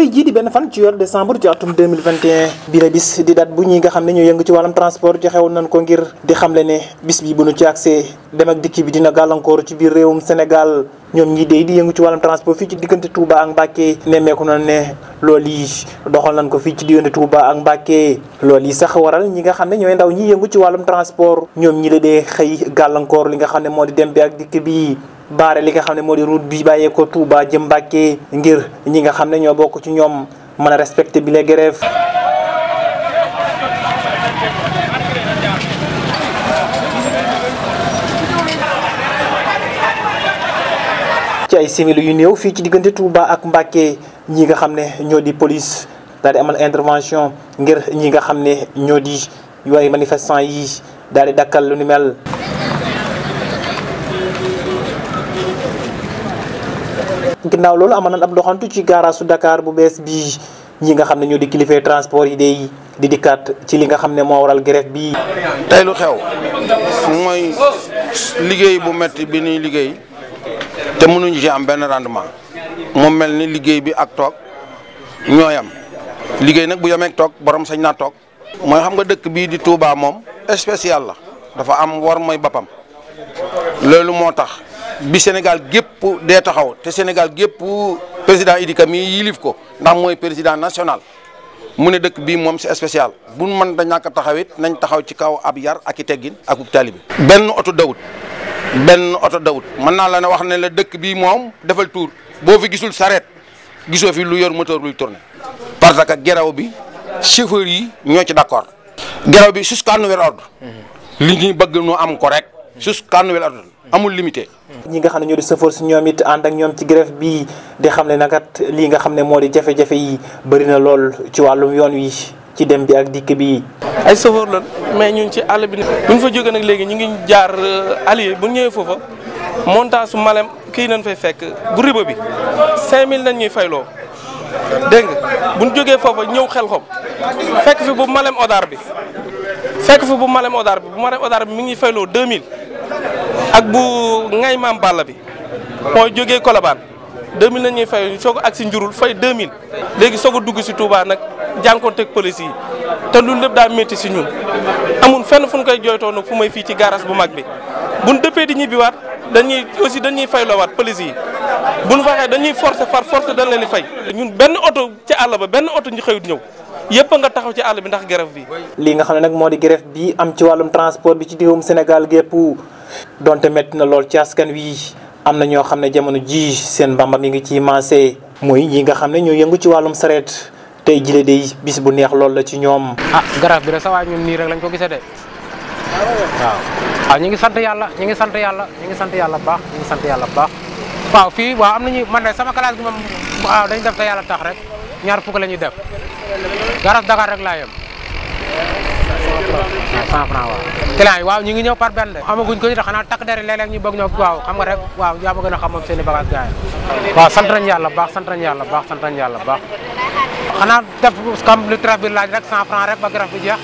tey jii di fan ci yor décembre ci atum 2021 bi la bis di date bu ñi nga xam ne ñoo yëngu ci wàllum transport joxewoon nañ ko ngir di xamle ne bis bi bu ñu ci accès dem ak dikki bi dina gàllankoor ci biir réewum Sénégal ñoom ñi dey di yëngu ci wàllum transport fii ci diggante Touba ak Mbacké nemmeeku na ne loolu yi doxal nañ ko fii ci diggante Touba ak Mbacké lool yi sax waral ñi nga xam ne ñooy ndaw ñi yëngu ci wàllum transport ñoom ñi la dee xëy gàllankoor li nga xam ne moo di dem bi ak dikk bi baare li nga xam ne moo di route bi bàyyeekoo Touba jëm Mbacké ngir ñi nga xam ne ñoo bokk ci ñoom mën a bi les grèves ci ay yu néew fii ci diggante Touba ak Mbacké ñi nga xam ne ñoo di police daal di amal intervention ngir ñi nga xam ne ñoo di yooyu manifestant yi daal di lu ni mel ginnaaw loolu ama nan ab doxantu ci garage dakaar bu bees bii ñi nga xam ne ñoo di kilifay transport yi day di dikkaat ci li nga xam ne moo waral grève bii. tey lu xew mooy liggéey bu metti bi ñuy liggéey te mënuñu ci am benn rendement mu mel ni liggéey bi ak toog ñooy am liggéey nag bu yemeeg toog borom sañ naa toog. mooy xam nga dëkk bii di Touba moom spécial la dafa am war mooy boppam loolu moo tax. bi Sénégal gépp dee taxaw te Sénégal gépp président Idi Ka mi yilif ko ndax mooy président national mu ne dëkk bii moom c'est spécial bu mën da ñàkk taxawit nañ taxaw ci kaw ab yar ak i teggin ak uk taalibe benn oto dawut benn oto dawut mën naa la ne wax ne la dëkk bi moom defal tour boo fi gisul sareet gisoo fi lu yor moteur luy tourner parce que geraw bi chauffeur yi ñoo ci d'accord geraw bi jusqu'à nouvel ordre li ñuy bëgg nu am ko rek jusqu'à nouvel ordre amul limité. ñi nga xam ne ñoo di sëfoor si ñoom it ànd ak ñoom ci grève bii di xam ne nakat lii nga xam ne moo di jafe-jafe yi bëri na lool ci wàllum yoon wi ci dem bi ak dikk bi. ay sëfoor la mais ñun ci àll bi bu ñu fa jógee nag léegi ñu ngi jaar euh, allié bu ñëwee foofa montage su malem kii nañ fay fekk bu riba bi 5000 nañ ñuy fayloo dégg nga bu ñu jógee foofa ñëw xel xom fekk fi bu malem odaar bi fekk fi bu malem odaar bi bu malem odaar bi mi ngi fayloo 2000. ak bu ngay maam Balla bi mooy jógee Colobane 2000 la ñuy fay soog ak si njurul fay 2000 léegi soog a dugg si Touba nag jànkonteeg police yi te loolu lépp daa métti si ñun amul fenn fu ñu koy jooytoo nag fu may fii ci garage bu mag bi buñ dëppee di ñibbiwaat dañuy aussi dañuy fay waat police yi nu waxee dañuy forcer par force dañ leen di fay ñun benn oto ci àll ba benn oto ñu xëyut ñëw yëpp nga taxaw ci àll bi ndax grève bi. lii nga xam ne nag moo di grève bi am ci wàllum transport bi ci diwam Sénégal gépp donte métti na lool ci askan wi am na ñoo xam ne jamono jii seen bamba mi ngi ciy mancé muy ñi nga xam ne ñoo yëngu ci wàllum sareet tey jile day bis bu neex lool la ci ñoom. ah garaaf bi rek sa waay ñun nii rek lañ ko gisee de waaw ah, ñu ngi sant yàlla ñu ngi sant yàlla sant yàlla baax ñu ngi sant yàlla baax waaw fii waaw am na nañu man de sama classe bi moom waaw dañ def te yàlla tax rek ñaar fukk la ñuy def garaaf Dakar rek laa yem cent franc waaw client yi waaw ñu ngi ñëw par benn de amaguñ ko xanaa takk deri léeg-léeg ñu bëgg ñëw waaw xam nga rek waaw yaa a xam moom seen i bagage waaw sant nañ yàlla baax sant nañ yàlla baax sant nañ yàlla baax xanaa def comme lu traite bi laaj rek cent franc rek ba garab bi jeex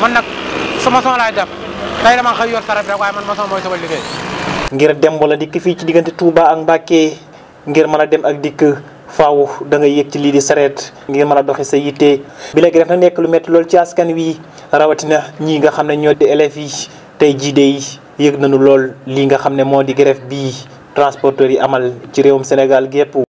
man nag sama son laay def tey dama xëy yor saret rek waaye man maçon mooy sama liggéey ngir dem wala dikk fii ci diggante Touba ak Mbacké ngir man a dem ak dikk faaw da ngay yëg ci lii di sareet ngir mën a doxi sa yitte bi la na nekk lu metti lool ci askan wi rawatina ñii nga xam ne ñoo di élèves yi tey jii dey yëg nañu lool lii nga xam ne moo di grève bii transporteurs yi amal ci réewum Sénégal gépp